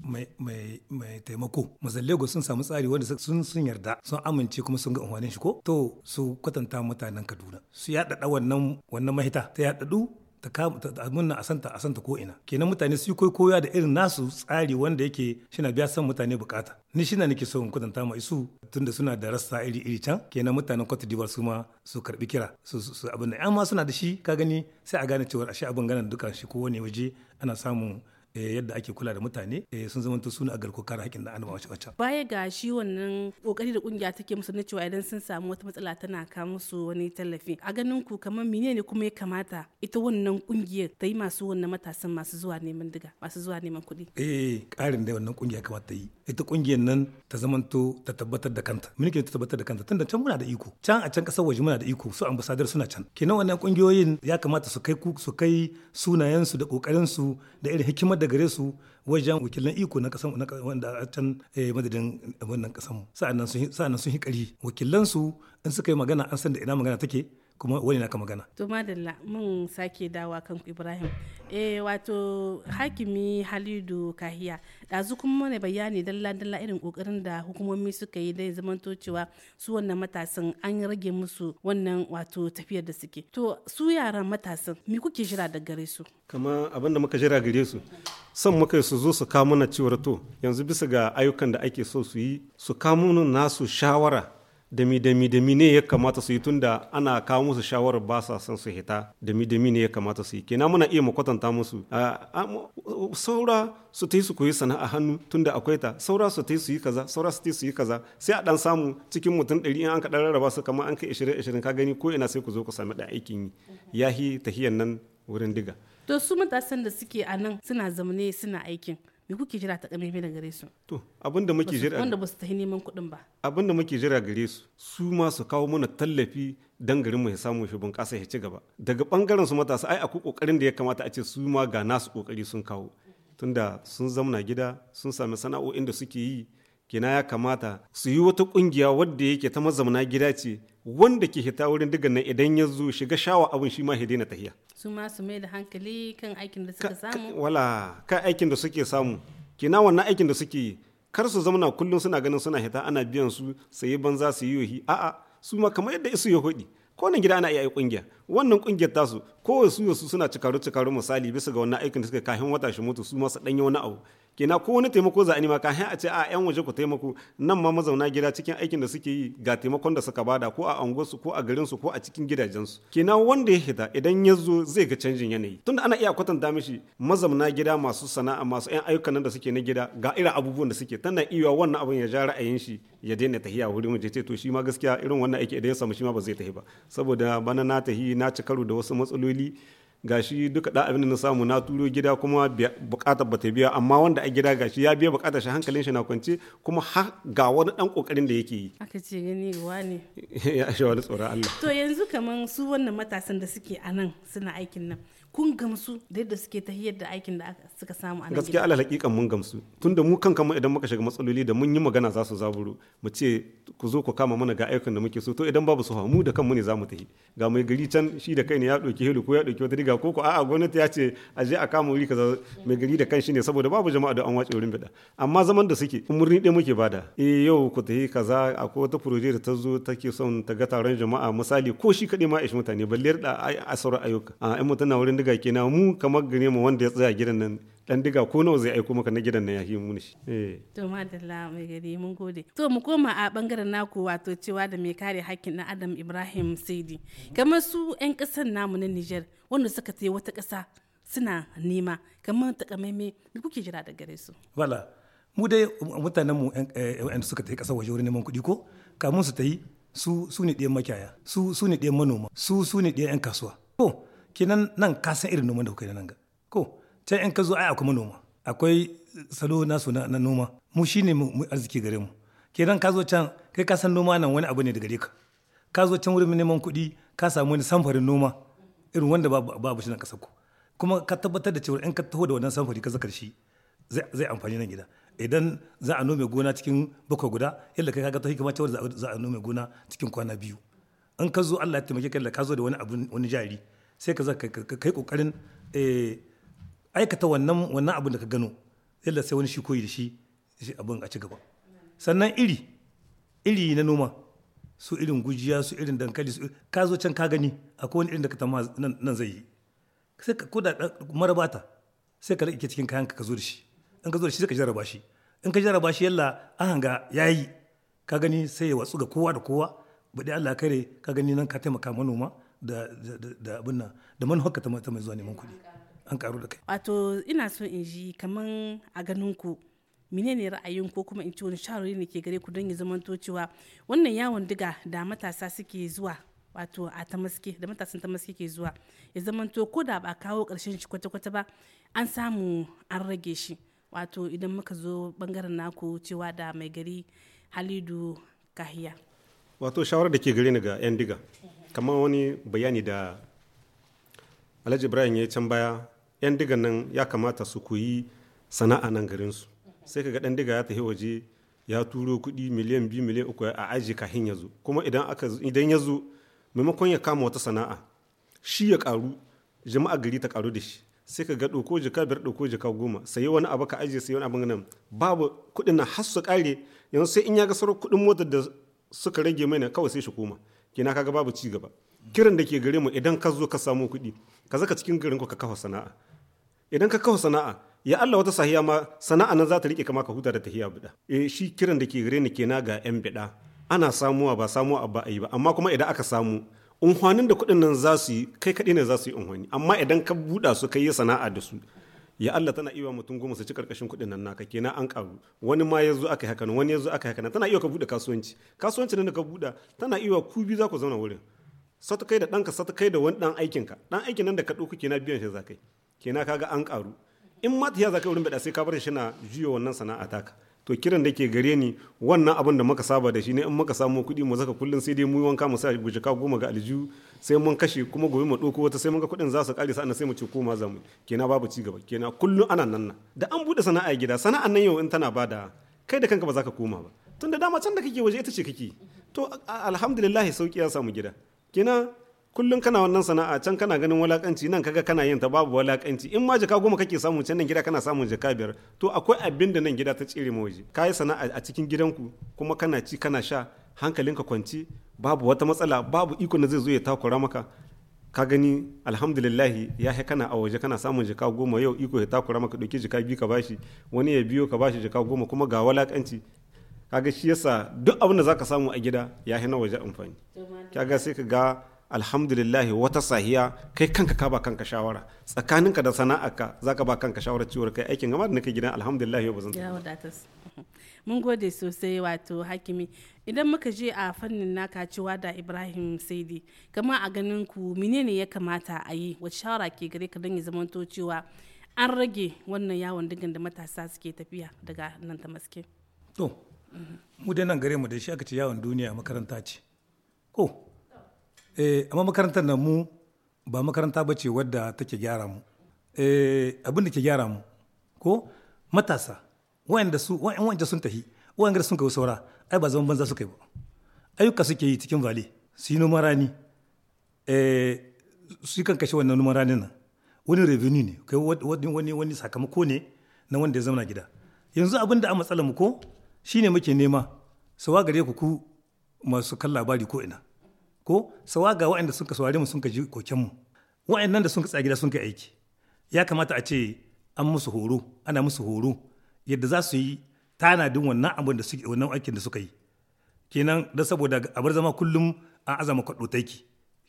mai taimako mazan lagos sun samu tsari wanda sun sun yarda sun amince kuma sun ga unhwanin shi ko to su kwatanta mutanen kaduna su dada wannan wannan mahita ta ya dadu ta munna a santa a santa ko ina kenan mutane su koi koya da irin nasu tsari wanda yake shina biya san mutane bukata ni shina nake so in kwatanta ma isu tunda suna da rassa iri iri can kenan mutanen Cote d'Ivoire su ma su karbi kira su su abin nan amma suna da shi ka gani sai a gane cewa ashe abin ganin dukan shi ko wani waje ana samun Eh, yadda ake kula da mutane eh, sun zama suna garko kare haƙƙin da annabawa wacce baya ga shi wannan kokari da kungiya take musu na cewa idan sun samu wata matsala tana kawo musu wani tallafi a ganin ku kamar mine ne kuma ya kamata ita wannan kungiyar ta yi masu wannan matasan masu zuwa neman diga masu zuwa neman kuɗi eh ƙarin da wannan kungiya kamata ta yi ita kungiyar nan ta zamanto ta tabbatar da kanta mulki ta tabbatar da kanta tunda can muna da iko can a can kasar waje muna da iko su ambasadar suna can kenan wannan kungiyoyin ya kamata su kai su kai sunayen su da kokarin su da irin hikimar da gare su wajen wakilan iko na kasan wanda a can eh, madadin wannan kasan sa'annan sun yi kari wakilan su in suka yi magana an san da ina magana take kuma wani na ka magana to madalla mun sake dawa kan ibrahim eh wato hakimi halidu kahiya ɗazu kuma mana bayani dalla dalla irin kokarin da hukumomi suka yi dai zamantocewa cewa su wannan matasan an rage musu wannan wato tafiyar da suke to su yaran matasan me kuke jira da gare su kama abin da muka jira gare su son muka su zo su kawo mana cewar to yanzu bisa ga ayyukan da ake so su yi su kawo nasu shawara dami dami dami ne ya kamata su yi tunda ana kawo musu shawarar ba sa son su hita dami dami ne ya kamata su yi kenan muna iya mu kwatanta musu saura su ta yi su koyi sana'a hannu tunda akwai ta saura su ta yi su yi kaza saura su ta yi su yi kaza sai a dan samu cikin mutum ɗari in an kaɗan rarraba su kamar an kai ishirin ishirin ka gani ko ina sai ku zo ku sami ɗan aikin yi yahi tahiyan nan wurin diga. to su matasan da suke a nan suna zamane suna aikin me kuke jira ta kame mai gare su to abin da muke jira wanda ba su tafi neman kuɗin ba abin da muke jira gare su su ma su kawo mana tallafi dan garin mu ya samu shi bunƙasa ya ci gaba daga bangaren su matasa ai akwai kokarin da ya kamata a ce su ma ga nasu kokari sun kawo tunda sun zamna gida sun sami sana'o'in da suke yi kina ya kamata su yi wata kungiya wadda yake ta mazauna gida ce wanda ke hita wurin digan nan idan ya zo shiga shawa abin shi ma na tahiya su ma su mai da hankali kan aikin da suka samu wala ka aikin da suke samu kina wannan aikin da suke yi kar su zamana kullum suna ganin suna hita ana biyan su sayi banza su yi yohi a'a su ma kamar yadda isu ya hudi ko nan gida ana iya yi kungiya wannan kungiyar tasu ko su su suna cikaru cikaru misali bisa ga wannan aikin da suka kafin wata shi mutu su ma su danyi wani abu kena ko wani taimako za a nima kafin a ce a yan waje ku taimako nan ma mazauna gida cikin aikin da suke yi ga taimakon da suka bada ko a unguwarsu ko a garinsu ko a cikin gidajensu kina wanda ya hita idan ya zo zai ga canjin yanayi tunda ana iya kwatanta mishi mazauna gida masu sana'a masu yan ayyukan nan da suke na gida ga irin abubuwan da suke tana iya wannan abin ya ja ra'ayin shi ya daina tahiya wurin waje ce to shi ma gaskiya irin wannan aiki idan ya samu shi ma ba zai tahi ba saboda bana na tahi na ci karo da wasu matsaloli gashi duka da abin da na samu na turo gida kuma bukatar ba ta biya amma wanda a gida gashi ya biya bukatar shi hankalin shi na kwance kuma ha ga wani dan kokarin da yake yi aka ce gani wa ne *laughs* ya shi wani tsoron Allah to yanzu kaman su wannan matasan da suke a nan suna aikin nan kun gamsu da yadda suke tahiyar da aikin da suka samu a gaskiya ala hakikan mun gamsu da mu kan mu idan muka shiga matsaloli da mun yi magana za su zaburo mu ce ku zo ku kama mana ga aikin da muke so to idan babu su mu da kanmu ne za mu tahi ga mai gari can shi da kai ne ya ɗauki helu ko ya ɗauki wata riga ko ko a'a gwamnati ya ce a je a kama wuri kaza mai gari da shi ne saboda babu jama'a da an wace wurin bida amma zaman da suke umurni ɗaya muke bada eh yau ku tahi kaza akwai wata proje da ta zo take son ta ga taron jama'a misali ko shi kaɗai ma ishi mutane balle da a sauran ayyuka a in mutum na wurin diga kenan mu kamar gare mu wanda ya tsaya gidan nan dan diga ko nawa zai aiko maka na gidan nan ya fi muni shi. Eh. To madalla mai gari mun gode. To mu koma a bangaren naku wato cewa da mai kare hakkin na Adam Ibrahim Saidi. Kamar su 'yan kasar namu na Niger wanda suka tsaye wata kasa suna nema kamar ta takamaime da kuke jira da gare su. Wala mu dai mutanen mu 'yan eh, suka tsaye kasa waje wurin neman kuɗi ko kamun su ta yi su su ne ɗayan makiyaya su su ne ɗayan manoma su su ne ɗayan 'yan kasuwa. To kinan nan ka san irin noman da kuka yi nan ga ko can in ka zo ai akwai manoma akwai salo na su na noma mu shine mu arziki gare mu kenan ka zo can kai ka san noma nan wani abu ne da gare ka ka zo can wurin neman kuɗi ka samu wani samfarin noma irin wanda babu shi nan ƙasar ku kuma ka tabbatar da cewa in ka taho da wannan samfari ka zakar shi zai amfani nan gida idan za a nome gona cikin bakwai guda yadda kai kaga ta hikima cewa za a nome gona cikin kwana biyu in ka zo Allah ya taimake ka ka zo da wani abu wani jari sai ka kai kokarin eh, aikata wannan wannan abin da ka gano yadda sai wani shi koyi da shi abin a ci gaba sannan iri iri na noma su irin gujiya su irin dankali su ka zo can ka gani akwai wani irin da ka tama nan zai yi sai ka koda marabata sai ka rike cikin kayan ka zo da shi in ka zo da shi sai ka jarraba shi in ka jarraba shi yalla an hanga yayi ka gani sai ya watsu ga kowa da kowa baɗi Allah kare ka gani nan ka taimaka manoma da da abin nan da manufarka ta mai zuwa neman kuɗi an karu da kai wato ina so in ji kaman a ganin ku ne ra'ayin ko kuma in ci wani shawarwari ne ke gare ku don ya to cewa wannan yawon diga da matasa suke zuwa wato a ta maske da matasan ta maske ke zuwa ya zamanto ko da ba kawo karshen shi kwata-kwata ba an samu an rage shi wato idan muka zo bangaren naku cewa da mai gari halidu kahiya wato shawarar da ke gare ni ga 'yan diga kamar wani bayani da alhaji ibrahim ya yi can baya 'yan diga nan ya kamata su koyi sana'a nan garin su sai ka ga ɗan diga ya tafi waje ya turo kuɗi miliyan biyu miliyan uku a aji kahin ya zo kuma idan aka idan ya zo maimakon ya kama wata sana'a shi ya karu jama'a gari ta karu da shi sai ka ga ɗauko jika biyar ɗauko jika goma sai wani abu ka aji sai wani abu nan babu kuɗin na har su yanzu sai in ya ga sauran kuɗin motar da suka rage mai na kawai sai shi koma kina kaga babu ci gaba kiran da ke gare mu idan ka zo ka samu kuɗi ka zaka cikin garin ka kafa sana'a idan ka kafa sana'a ya Allah wata sahiya ma sana'a nan za ta rike kama ka huta da tahiya bida e eh, shi kiran da ke gare ni kena ga yan biɗa ana samuwa ba samuwa ba a yi ba amma kuma idan aka samu unhwanin da kuɗin nan za su yi kai kaɗai ne za su yi unhwani amma idan ka buɗa su ka yi sana'a da su ya Allah tana iya mutum goma su ci karkashin kuɗin nan naka kenan an karu wani ma ya zo aka haka nan wani ya zo aka haka nan tana iya ka buɗe kasuwanci kasuwanci nan da ka buɗe tana iya ku biyu za ku zauna wurin sata kai da ɗanka sata kai da wani ɗan aikinka ɗan aikin nan da ka ɗauka kenan biyan shi za kai kenan ga an karu in ma ta za kai wurin bada sai ka bar shi na juyo wannan sana'a taka to kiran da ke gare ni wannan abin da muka saba da shi ne in muka samu kuɗi mu zaka kullum sai dai mu yi wanka mu sa ka goma ga aljihu sai mun kashe kuma gobe mu ɗauko wata sai mun ga kuɗin za su ƙare sa'an sai mu ce ko ma zamu kenan babu ci gaba kenan kullum ana nan nan. da an buɗe sana'a gida sana'an nan yau in tana bada kai da kanka ba za ka koma ba tunda dama can da kake waje ita ce kake to alhamdulillah sauki ya samu gida kenan kullum kana wannan sana'a can kana ganin walakanci nan kaga kana yin ta babu walakanci in ma jaka goma kake samu can nan gida kana samun jaka biyar to akwai abin da nan gida ta tsire ma waje kayi sana'a a cikin gidanku kuma kana ci kana sha hankalinka kwanci babu wata matsala babu iko na zai zo ya takura maka ka gani alhamdulillahi ya he kana a waje kana samun jaka goma yau iko ya takura maka ɗauki jaka biyu ka bashi wani ya biyo ka bashi jaka goma kuma ga walakanci kaga shi yasa duk abin da zaka samu a gida ya he na waje amfani kaga sai ka ga alhamdulillah wata sahiya kai kanka ka ba kanka shawara tsakaninka da sana'arka za ka ba kanka shawara ciwar kai aikin gama da nake gidan alhamdulillah yau ba *laughs* mun gode sosai wato hakimi idan muka je a fannin naka cewa da ibrahim saidi kama a ganin ku menene ya kamata a yi wace shawara ke gare ka don ya to cewa an rage wannan yawon dingin da matasa suke tafiya daga nan ta maske to mu dai nan gare mu da shi aka ce yawon duniya makaranta ce ko eh amma makarantar nan mu ba makaranta ba ce wadda take gyara mu eh abin da ke gyara mu ko matasa wayanda su wayanda sun tahi gari sun kawo saura ai ba zaman banza suka yi ba ayyuka suke yi cikin vale su yi noman rani eh su kan kashe wannan noman rani nan wani revenue ne kai wani wani sakamako ne na wanda ya zama gida yanzu abin da a matsalar mu ko shine muke nema sawa gare ku ku masu kan labari ko ina ko sawa ga waɗanda suka saurare mu suka ji kokenmu waɗannan da suka tsaya gida suka aiki ya kamata a ce an musu horo ana musu horo yadda za su yi tanadin wannan abin da suke wannan aikin da suka yi kenan don saboda a bar zama kullum an azama kwaɗo taiki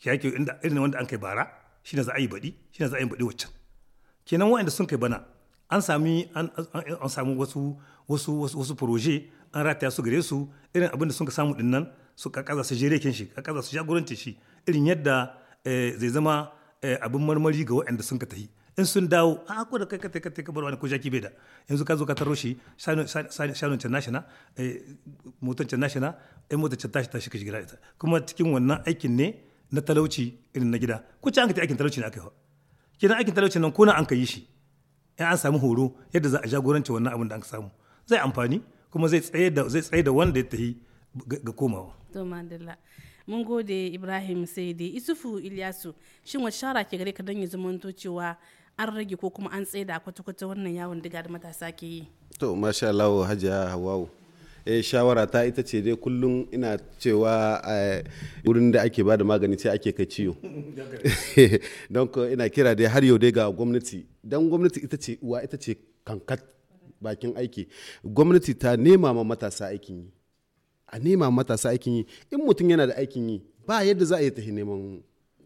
yake inda irin wanda an kai bara shi ne za a yi baɗi shi ne za a yi baɗi waccan kenan waɗanda sun kai bana an sami an samu wasu wasu wasu proje an rataya su gare su irin abin da sun ka samu dinnan su kakaza su jere kin shi kakaza su jagorancin shi irin yadda eh, zai zama eh, abin marmari ga waɗanda sun ka tahi in sun dawo a ah, ko da kai ka kai ka bar wani ko jaki bai da yanzu ka zo ka taro shi shanun can nashina eh, motar can nashina ai motar can tashi tashi ka shiga ita kuma cikin wannan aikin ne na talauci irin na gida ko ci an ka aikin talauci ne aka yi kina aikin talauci nan ko na an ka yi shi in an samu horo yadda za a jagoranci wannan abin da an samu zai amfani kuma zai tsaye da zai tsaye da wanda ya tahi ga komawa to madalla mun gode ibrahim sai dai isufu ilyasu shin wace shara ke gare ka don yi zumunto cewa an rage ko kuma an tsaye da kwata-kwata wannan yawon diga da matasa ke yi to masha Allah hajiya hawawu eh shawara ta ita ce dai kullum ina cewa eh, wurin da ake bada magani sai ake kai ciwo *laughs* don ina kira dai har yau dai ga gwamnati don gwamnati ita ce uwa ita ce kankat bakin aiki gwamnati ta nema ma matasa aikin yi a nema matasa aikin yi in mutum yana da aikin yi ba yadda za a yi tafi neman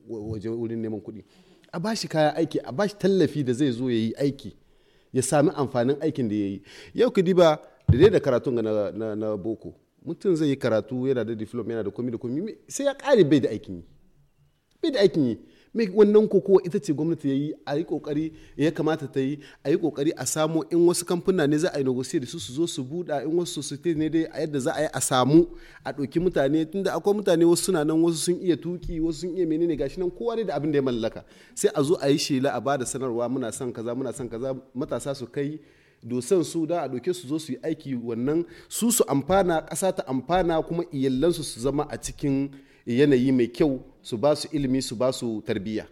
waje wurin neman kuɗi a ba shi kaya aiki a ba shi tallafi da zai zo ya yi aiki ya sami amfanin aikin da ya yi yau ka diba da dai da karatun na, na, boko mutum zai yi karatu yana da diploma yana da komi da komi sai ya kare bai da aikin yi bai da aikin yi mai wannan kokowa ita ce gwamnati ya yi a yi kokari ya kamata ta yi a yi kokari a samu in wasu kamfuna ne za a yi negotiate da su su zo su buɗa in wasu society ne dai a yadda za a yi a samu a ɗauki mutane tunda akwai mutane wasu suna nan wasu sun iya tuki wasu sun iya menene gashi nan kowa ne da abin da ya mallaka sai a zo a yi shela a bada sanarwa muna son kaza muna son kaza matasa su kai dosan su da a doke su zo su yi aiki wannan su su amfana ƙasa ta amfana kuma iyalansu su zama a cikin yanayi mai kyau su ba su ilimi su ba su tarbiyya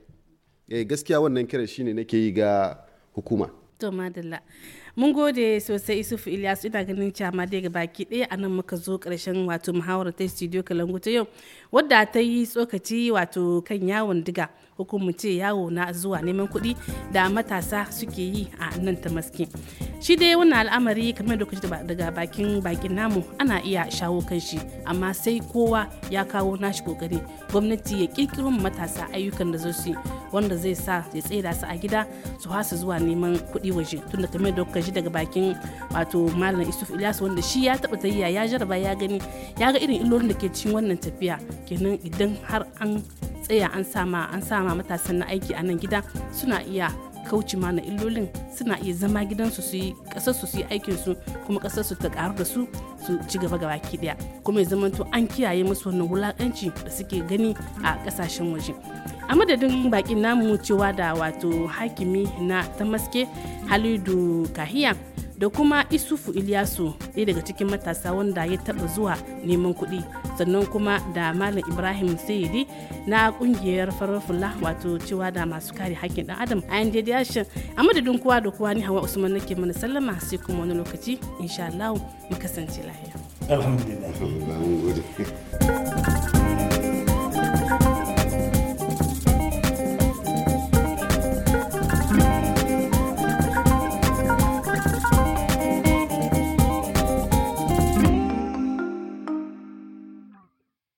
eh, gaskiya wannan kiran shine nake yi ga hukuma to mun gode sosai isufu ilyas ina ganin cama daga baki ɗaya a nan muka zo ƙarshen wato muhawarar ta studio kalangu ta yau wadda ta yi tsokaci wato kan yawon diga ko kuma ce yawo na zuwa neman kuɗi da matasa suke yi a nan ta maske shi dai wannan al'amari kamar da kuke daga bakin bakin namu ana iya shawo kan shi amma sai kowa ya kawo nashi kokari gwamnati ya kirkiro matasa ayyukan da zai wanda zai sa ya tsaida su a gida su hasa zuwa neman kuɗi waje tunda kamar da kuka ji daga bakin wato malam isuf ilyas wanda shi ya taɓa tayya ya jaraba ya gani ya ga irin illolin da ke cikin wannan tafiya kenan idan har an tsaya an sama an sama matasan na aiki a nan gida suna iya kauce mana illolin suna iya zama gidansu su yi kasar su yi aikin su kuma kasar su ta karu da su su ci gaba gaba ki daya kuma ya zama an kiyaye musu wannan wulakanci da suke gani a kasashen waje a madadin bakin namu cewa da wato hakimi na tamaske halidu kahiya da kuma isufu iliyasu ɗaya daga cikin matasa wanda ya taɓa zuwa neman kuɗi sannan kuma da malam ibrahim sayidi na ƙungiyar farar fula wato cewa da masu kare haƙƙin ɗan adam a yanzu ya shi a madadin kowa da kowa ni hawa usman nake mana sallama sai kuma wani lokaci insha allahu mu kasance lahiya alhamdulillah